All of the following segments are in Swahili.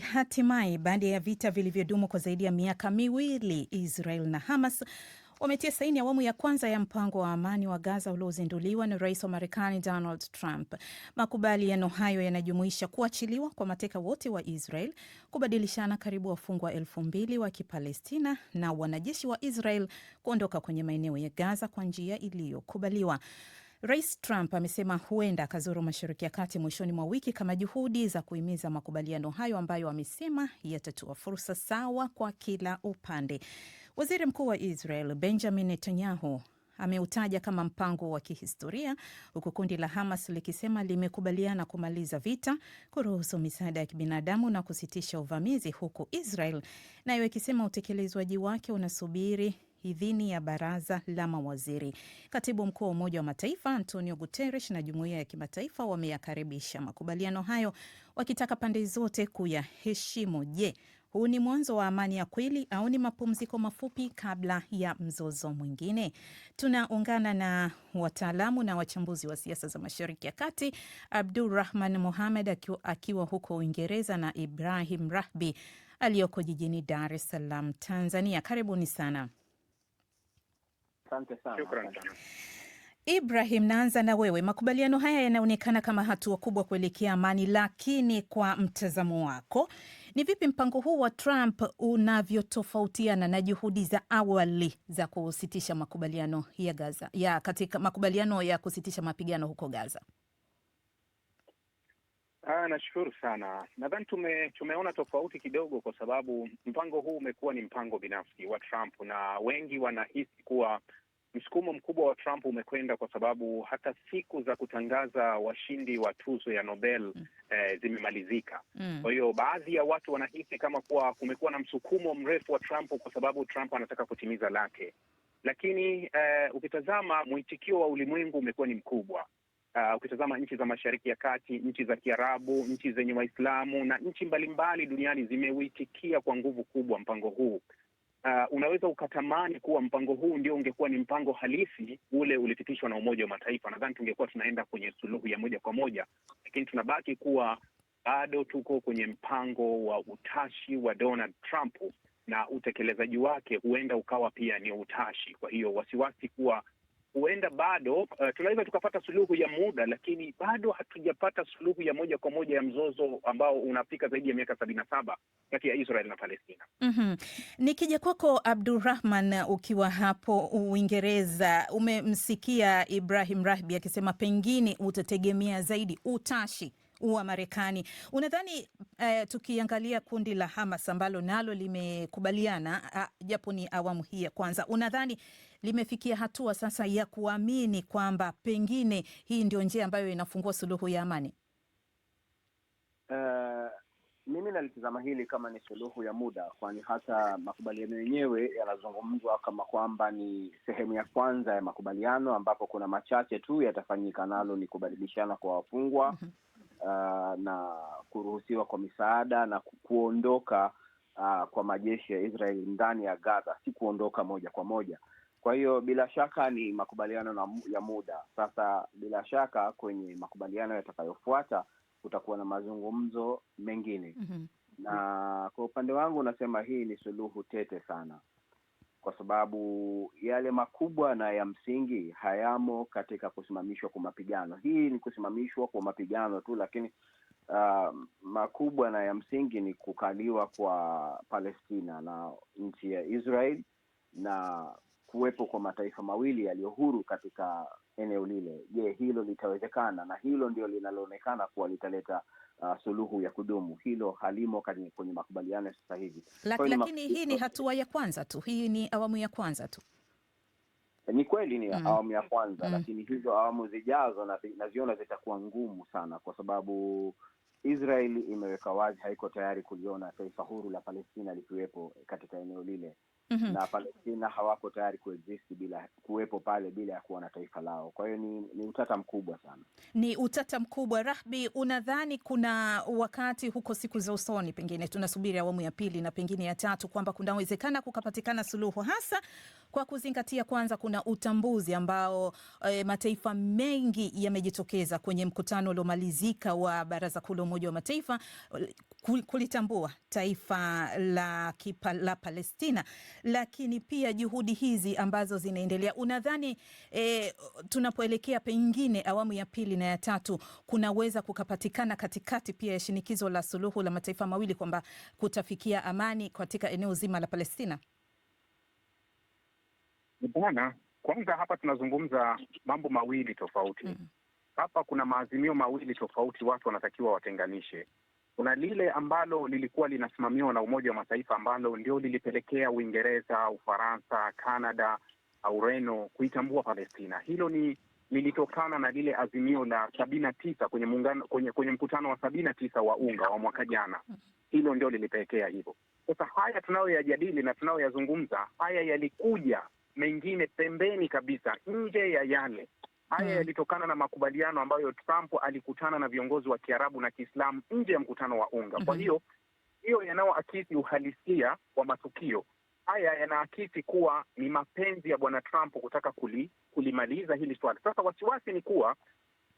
Hatimaye, baada ya vita vilivyodumu kwa zaidi ya miaka miwili, Israel na Hamas wametia saini awamu ya kwanza ya mpango wa amani wa Gaza uliozinduliwa na rais wa Marekani Donald Trump. Makubaliano hayo yanajumuisha kuachiliwa kwa mateka wote wa Israel, kubadilishana karibu wafungwa elfu mbili wa Kipalestina na wanajeshi wa Israel kuondoka kwenye maeneo ya Gaza kwa njia iliyokubaliwa. Rais Trump amesema huenda akazuru Mashariki ya Kati mwishoni mwa wiki kama juhudi za kuhimiza makubaliano hayo ambayo amesema yatatoa fursa sawa kwa kila upande. Waziri Mkuu wa Israel Benjamin Netanyahu ameutaja kama mpango wa kihistoria huku kundi la Hamas likisema limekubaliana kumaliza vita, kuruhusu misaada ya kibinadamu na kusitisha uvamizi, huku Israel nayo ikisema utekelezwaji wake unasubiri idhini ya baraza la mawaziri. Katibu mkuu wa Umoja wa Mataifa Antonio Guterres na jumuiya ya kimataifa wameyakaribisha makubaliano hayo, wakitaka pande zote kuyaheshimu. Je, huu ni mwanzo wa amani ya kweli au ni mapumziko mafupi kabla ya mzozo mwingine? Tunaungana na wataalamu na wachambuzi wa siasa za Mashariki ya Kati, Abdurahman Mohamed akiwa huko Uingereza na Ibrahim Rahbi aliyoko jijini Dar es Salaam, Tanzania. Karibuni sana. Asante sana. Shukrani sana. Ibrahim, naanza na wewe. Makubaliano haya yanaonekana kama hatua kubwa kuelekea amani, lakini kwa mtazamo wako ni vipi mpango huu wa Trump unavyotofautiana na juhudi za awali za kusitisha makubaliano ya Gaza, ya katika makubaliano ya kusitisha mapigano huko Gaza? Ah, nashukuru sana. Nadhani tume, tumeona tofauti kidogo kwa sababu mpango huu umekuwa ni mpango binafsi wa Trump na wengi wanahisi kuwa msukumo mkubwa wa Trump umekwenda kwa sababu hata siku za kutangaza washindi wa tuzo ya Nobel mm. eh, zimemalizika mm. Kwa hiyo baadhi ya watu wanahisi kama kuwa kumekuwa na msukumo mrefu wa Trump kwa sababu Trump anataka kutimiza lake, lakini eh, ukitazama mwitikio wa ulimwengu umekuwa ni mkubwa Uh, ukitazama nchi za Mashariki ya Kati, nchi za Kiarabu, nchi zenye Waislamu na nchi mbalimbali duniani zimeuitikia kwa nguvu kubwa mpango huu. Uh, unaweza ukatamani kuwa mpango huu ndio ungekuwa ni mpango halisi ule ulipitishwa na Umoja wa Mataifa. Nadhani tungekuwa tunaenda kwenye suluhu ya moja kwa moja, lakini tunabaki kuwa bado tuko kwenye mpango wa utashi wa Donald Trump na utekelezaji wake huenda ukawa pia ni utashi. Kwa hiyo wasiwasi kuwa huenda bado uh, tunaweza tukapata suluhu ya muda, lakini bado hatujapata suluhu ya moja kwa moja ya mzozo ambao unafika zaidi ya miaka sabini na saba kati ya Israel na Palestina. mm -hmm. Nikija kwako Abdurahman, ukiwa hapo Uingereza, umemsikia Ibrahim Rahbi akisema pengine utategemea zaidi utashi wa Marekani. Unadhani eh, tukiangalia kundi la Hamas ambalo nalo limekubaliana ah, japo ni awamu hii ya kwanza, unadhani limefikia hatua sasa ya kuamini kwamba pengine hii ndio njia ambayo inafungua suluhu ya amani? Uh, mimi nalitazama hili kama ni suluhu ya muda, kwani hata makubaliano yenyewe yanazungumzwa kama kwamba ni sehemu ya kwanza ya makubaliano, ambapo kuna machache tu yatafanyika, nalo ni kubadilishana kwa wafungwa mm-hmm uh, na kuruhusiwa kwa misaada na kuondoka uh, kwa majeshi ya Israeli ndani ya Gaza, si kuondoka moja kwa moja. Kwa hiyo bila shaka ni makubaliano na, ya muda sasa. Bila shaka kwenye makubaliano yatakayofuata kutakuwa na mazungumzo mengine mm -hmm. na kwa upande wangu unasema hii ni suluhu tete sana kwa sababu yale makubwa na ya msingi hayamo katika kusimamishwa kwa mapigano. Hii ni kusimamishwa kwa mapigano tu, lakini uh, makubwa na ya msingi ni kukaliwa kwa Palestina na nchi ya Israel na kuwepo kwa mataifa mawili yaliyo huru katika eneo lile. Je, hilo litawezekana? Na hilo ndio linaloonekana kuwa litaleta uh, suluhu ya kudumu. Hilo halimo kwenye makubaliano ya sasa hivi. lakini hii ni hatua ya kwanza tu, hii ni awamu ya kwanza tu. Ni kweli ni mm. awamu ya kwanza mm. lakini hizo awamu zijazo naziona zitakuwa ngumu sana, kwa sababu Israeli imeweka wazi haiko tayari kuliona taifa huru la Palestina likiwepo katika eneo lile mm -hmm. na Palestina hawako tayari kuexist bila kuwepo pale bila ya kuwa na taifa lao. Kwa hiyo ni, ni utata mkubwa sana, ni utata mkubwa. Rahbi, unadhani kuna wakati huko siku za usoni, pengine tunasubiri awamu ya pili na pengine ya tatu, kwamba kunawezekana kukapatikana suluhu, hasa kwa kuzingatia kwanza kuna utambuzi ambao e, mataifa mengi yamejitokeza kwenye mkutano uliomalizika wa Baraza Kuu la Umoja wa Mataifa eh, kulitambua taifa la, kipa, la Palestina lakini pia juhudi hizi ambazo zinaendelea, unadhani e, tunapoelekea pengine awamu ya pili na ya tatu kunaweza kukapatikana katikati pia ya shinikizo la suluhu la mataifa mawili kwamba kutafikia amani katika eneo zima la Palestina? Bwana, kwanza hapa tunazungumza mambo mawili tofauti. mm -hmm. Hapa kuna maazimio mawili tofauti, watu wanatakiwa watenganishe. Kuna lile ambalo lilikuwa linasimamiwa na Umoja wa Mataifa ambalo ndio lilipelekea Uingereza, Ufaransa, Kanada, Ureno kuitambua Palestina. Hilo ni lilitokana na lile azimio la sabini na tisa kwenye muungano, kwenye, kwenye mkutano wa sabini na tisa wa UNGA wa mwaka jana. Hilo ndio lilipelekea hivyo. Sasa haya tunayoyajadili na tunayoyazungumza haya yalikuja mengine pembeni kabisa, nje ya yale Haya mm. yalitokana na makubaliano ambayo Trump alikutana na viongozi wa Kiarabu na Kiislamu nje ya mkutano wa UNGA. Kwa mm-hmm. hiyo hiyo yanayoakisi uhalisia wa matukio haya yanaakisi kuwa ni mapenzi ya bwana Trump kutaka kuli, kulimaliza hili swala. Sasa wasiwasi ni kuwa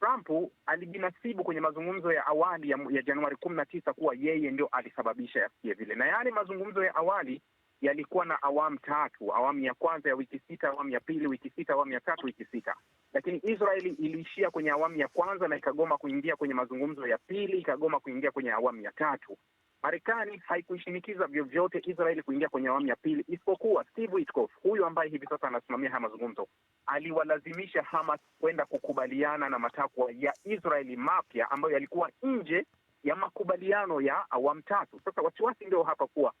Trump alijinasibu kwenye mazungumzo ya awali ya, ya Januari kumi na tisa kuwa yeye ndio alisababisha yasikie vile, na yale mazungumzo ya awali yalikuwa na awamu tatu: awamu ya kwanza ya wiki sita, awamu ya pili wiki sita, awamu ya tatu wiki sita lakini Israeli iliishia kwenye awamu ya kwanza na ikagoma kuingia kwenye mazungumzo ya pili, ikagoma kuingia kwenye awamu ya tatu. Marekani haikuishinikiza vyovyote Israeli kuingia kwenye awamu ya pili, isipokuwa Steve Witkoff huyu ambaye hivi sasa anasimamia haya mazungumzo aliwalazimisha Hamas kwenda kukubaliana na matakwa ya Israeli mapya ambayo yalikuwa nje ya makubaliano ya awamu tatu. Sasa wasiwasi ndio hapa kuwa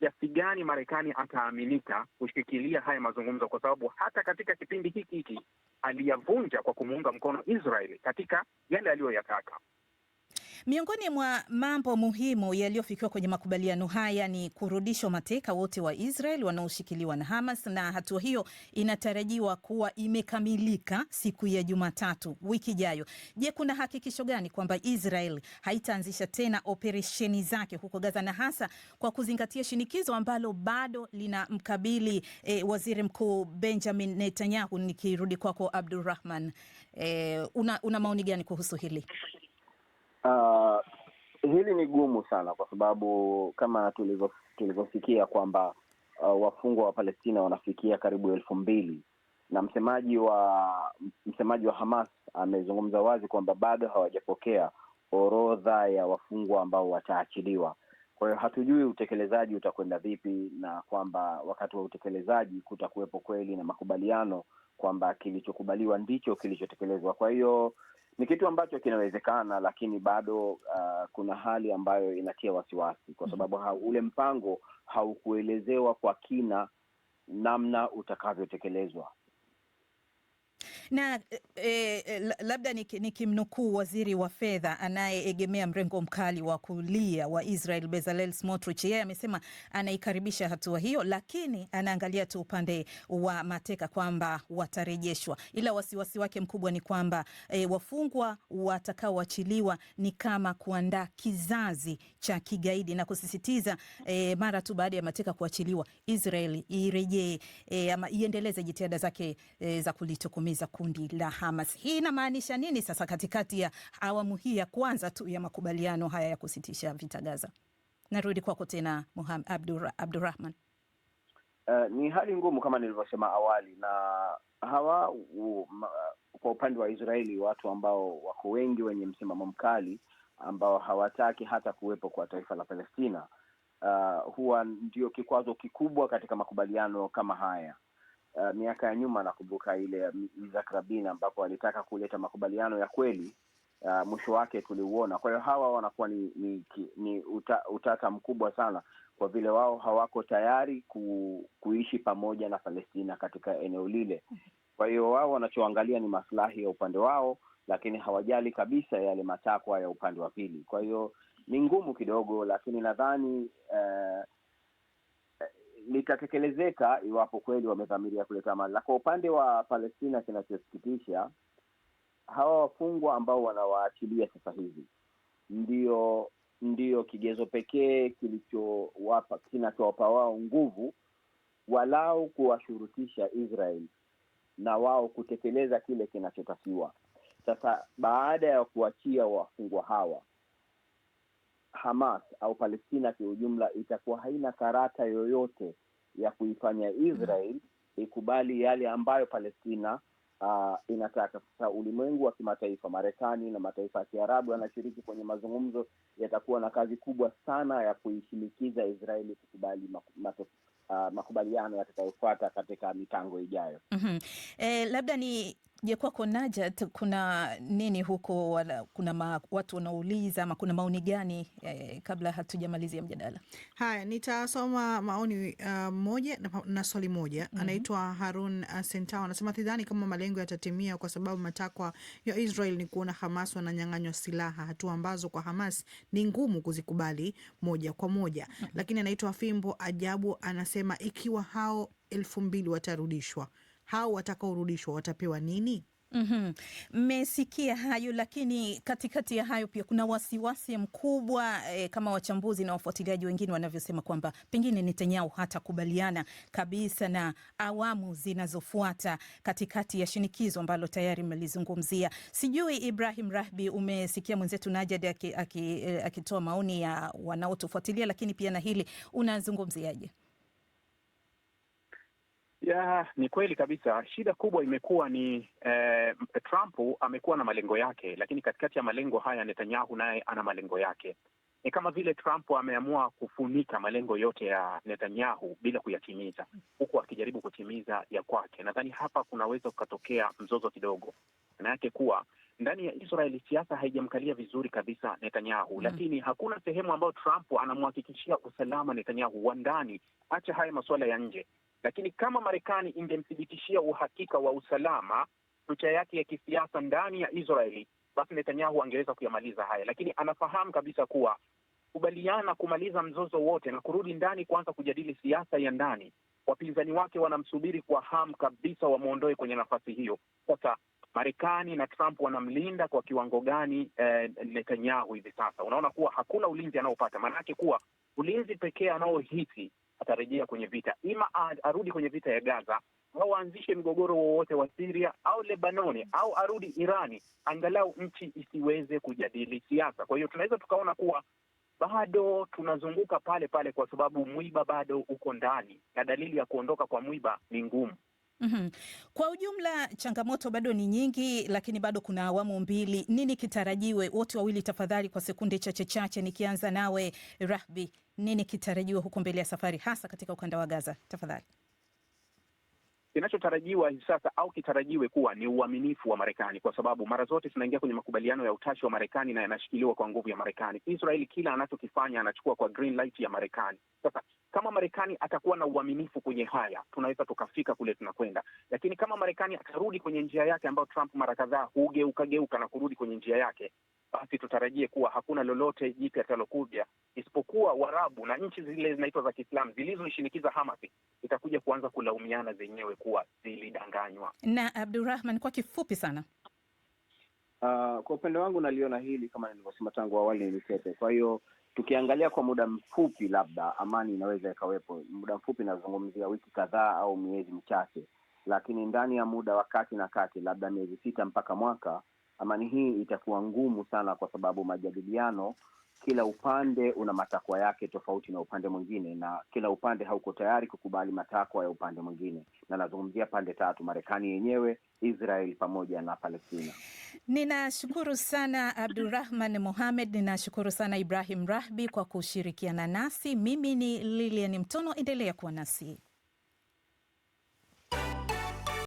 kiasi gani Marekani ataaminika kushikilia haya mazungumzo, kwa sababu hata katika kipindi hiki hiki aliyavunja kwa kumuunga mkono Israeli katika yale aliyoyataka. Miongoni mwa mambo muhimu yaliyofikiwa kwenye makubaliano haya ni kurudishwa mateka wote wa Israel wanaoshikiliwa na Hamas, na hatua hiyo inatarajiwa kuwa imekamilika siku ya Jumatatu wiki ijayo. Je, kuna hakikisho gani kwamba Israel haitaanzisha tena operesheni zake huko Gaza, na hasa kwa kuzingatia shinikizo ambalo bado lina mkabili eh, waziri mkuu Benjamin Netanyahu? Nikirudi kwako kwa Abdurrahman, eh, una, una maoni gani kuhusu hili? Uh, hili ni gumu sana kwa sababu kama tulivyosikia kwamba uh, wafungwa wa Palestina wanafikia karibu elfu mbili na msemaji wa msemaji wa Hamas amezungumza wazi kwamba bado hawajapokea orodha ya wafungwa ambao wataachiliwa. Kwa hiyo hatujui utekelezaji utakwenda vipi, na kwamba wakati wa utekelezaji kutakuwepo kweli na makubaliano kwamba kilichokubaliwa ndicho kilichotekelezwa. Kwa hiyo ni kitu ambacho kinawezekana, lakini bado uh, kuna hali ambayo inatia wasiwasi kwa sababu ha ule mpango haukuelezewa kwa kina namna utakavyotekelezwa na e, e, e labda nikimnukuu niki waziri wa fedha anayeegemea mrengo mkali wa kulia wa Israel Bezalel Smotrich, yeye amesema anaikaribisha hatua hiyo, lakini anaangalia tu upande wa mateka kwamba watarejeshwa, ila wasiwasi wake mkubwa ni kwamba e, wafungwa watakaoachiliwa ni kama kuandaa kizazi cha kigaidi, na kusisitiza e, mara tu baada ya mateka kuachiliwa Israel irejee e, ama iendeleze jitihada zake e, za kulitokomeza kuangamiza kundi la Hamas. Hii inamaanisha nini sasa katikati ya awamu hii ya kwanza tu ya makubaliano haya ya kusitisha vita Gaza? Narudi kwako tena Abdur, Abdurrahman. Uh, ni hali ngumu kama nilivyosema awali, na hawa ma, kwa upande wa Israeli watu ambao wako wengi wenye msimamo mkali ambao hawataki hata kuwepo kwa taifa la Palestina uh, huwa ndio kikwazo kikubwa katika makubaliano kama haya uh, miaka ya nyuma nakumbuka ile Isaac Rabin ambapo walitaka kuleta makubaliano ya kweli uh, mwisho wake tuliuona. Kwa hiyo hawa wanakuwa ni, ni, ni uta, utata mkubwa sana kwa vile wao hawako tayari ku, kuishi pamoja na Palestina katika eneo lile. Kwa hiyo wao wanachoangalia ni maslahi ya upande wao, lakini hawajali kabisa yale matakwa ya upande wa pili. Kwa hiyo ni ngumu kidogo, lakini nadhani uh, litatekelezeka iwapo kweli wamedhamiria kuleta amani. Na kwa upande wa Palestina, kinachosikitisha hawa wafungwa ambao wanawaachilia sasa hivi ndio ndio kigezo pekee kilichowapa kinachowapa wao nguvu walau kuwashurutisha Israel na wao kutekeleza kile kinachotakiwa. Sasa baada ya kuachia wafungwa hawa, Hamas au Palestina kiujumla itakuwa haina karata yoyote ya kuifanya Israel ikubali yale ambayo Palestina uh, inataka. Sasa ulimwengu wa kimataifa, Marekani na mataifa ya Kiarabu yanashiriki kwenye mazungumzo, yatakuwa na kazi kubwa sana ya kuishinikiza Israeli kukubali mato, uh, makubaliano yatakayofuata katika mipango ijayo. mm -hmm. Eh, labda ni Je, kwako Najat, kuna nini huko wala, kuna ma, watu wanauliza ama kuna maoni gani eh, kabla hatujamalizia mjadala? Haya, nitasoma maoni uh, moja na, na swali moja mm -hmm. Anaitwa Harun eh, sentau anasema sidhani kama malengo yatatimia kwa sababu matakwa ya Israel ni kuona Hamas wananyang'anywa silaha, hatua ambazo kwa Hamas ni ngumu kuzikubali moja kwa moja mm -hmm. Lakini anaitwa Fimbo Ajabu anasema ikiwa hao elfu mbili watarudishwa hao watakaorudishwa watapewa nini? Mhm. Mmesikia mm -hmm. hayo lakini, katikati ya hayo pia kuna wasiwasi mkubwa e, kama wachambuzi na wafuatiliaji wengine wanavyosema kwamba pengine Netanyahu hatakubaliana kabisa na awamu zinazofuata katikati ya shinikizo ambalo tayari mmelizungumzia. Sijui Ibrahim Rahbi, umesikia mwenzetu Najad akitoa aki, aki eh, maoni ya wanaotufuatilia, lakini pia na hili unazungumziaje? Ya, ni kweli kabisa. Shida kubwa imekuwa ni eh, Trump amekuwa na malengo yake, lakini katikati ya malengo haya Netanyahu naye ana malengo yake. Ni kama vile Trump ameamua kufunika malengo yote ya Netanyahu bila kuyatimiza, huku akijaribu kutimiza ya kwake. Nadhani hapa kunaweza kukatokea mzozo kidogo, maana yake kuwa ndani ya israel siasa haijamkalia vizuri kabisa Netanyahu mm. Lakini hakuna sehemu ambayo Trump anamhakikishia usalama Netanyahu wa ndani, acha haya masuala ya nje. Lakini kama Marekani ingemthibitishia uhakika wa usalama tucha yake ya kisiasa ndani ya Israeli, basi Netanyahu angeweza kuyamaliza haya, lakini anafahamu kabisa kuwa kubaliana kumaliza mzozo wote na kurudi ndani kuanza kujadili siasa ya ndani, wapinzani wake wanamsubiri kwa hamu kabisa, wamwondoe kwenye nafasi hiyo. Sasa Marekani na Trump wanamlinda kwa kiwango gani eh, Netanyahu hivi sasa? Unaona kuwa hakuna ulinzi anaopata, maanake kuwa ulinzi pekee anaohisi atarejea kwenye vita, ima arudi kwenye vita ya Gaza au aanzishe mgogoro wowote wa siria au Lebanoni au arudi Irani, angalau nchi isiweze kujadili siasa. Kwa hiyo tunaweza tukaona kuwa bado tunazunguka pale pale, kwa sababu mwiba bado uko ndani na dalili ya kuondoka kwa mwiba ni ngumu. Mm -hmm. Kwa ujumla changamoto bado ni nyingi, lakini bado kuna awamu mbili. Nini kitarajiwe? Wote wawili tafadhali, kwa sekunde chache chache, nikianza nawe Rahbi nini kitarajiwa huko mbele ya safari, hasa katika ukanda wa Gaza? Tafadhali. Kinachotarajiwa hivi sasa au kitarajiwe kuwa ni uaminifu wa Marekani, kwa sababu mara zote tunaingia kwenye makubaliano ya utashi wa Marekani na yanashikiliwa kwa nguvu ya Marekani. Israeli kila anachokifanya anachukua kwa green light ya Marekani. Sasa kama Marekani atakuwa na uaminifu kwenye haya, tunaweza tukafika kule tunakwenda, lakini kama Marekani atarudi kwenye njia yake ambayo Trump mara kadhaa hugeukageuka na kurudi kwenye njia yake, basi tutarajie kuwa hakuna lolote jipya atalokuja isipokuwa Waarabu na nchi zile zinaitwa za Kiislamu zilizoishinikiza Hamas itakuja kuanza kulaumiana zenyewe kuwa zilidanganywa. Na Abdurahman, kwa kifupi sana uh, kwa upande wangu naliona hili kama nilivyosema tangu awali ni tete. Kwa hiyo tukiangalia kwa muda mfupi, labda amani inaweza ikawepo. Muda mfupi nazungumzia wiki kadhaa au miezi michache, lakini ndani ya muda wa kati na kati, labda miezi sita mpaka mwaka, amani hii itakuwa ngumu sana, kwa sababu majadiliano kila upande una matakwa yake tofauti na upande mwingine, na kila upande hauko tayari kukubali matakwa ya upande mwingine, na nazungumzia pande tatu: Marekani yenyewe, Israel pamoja na Palestina. Ninashukuru sana Abdurahman Mohamed, ninashukuru sana Ibrahim Rahbi kwa kushirikiana nasi. Mimi ni Lilian Mtono, endelea kuwa nasi.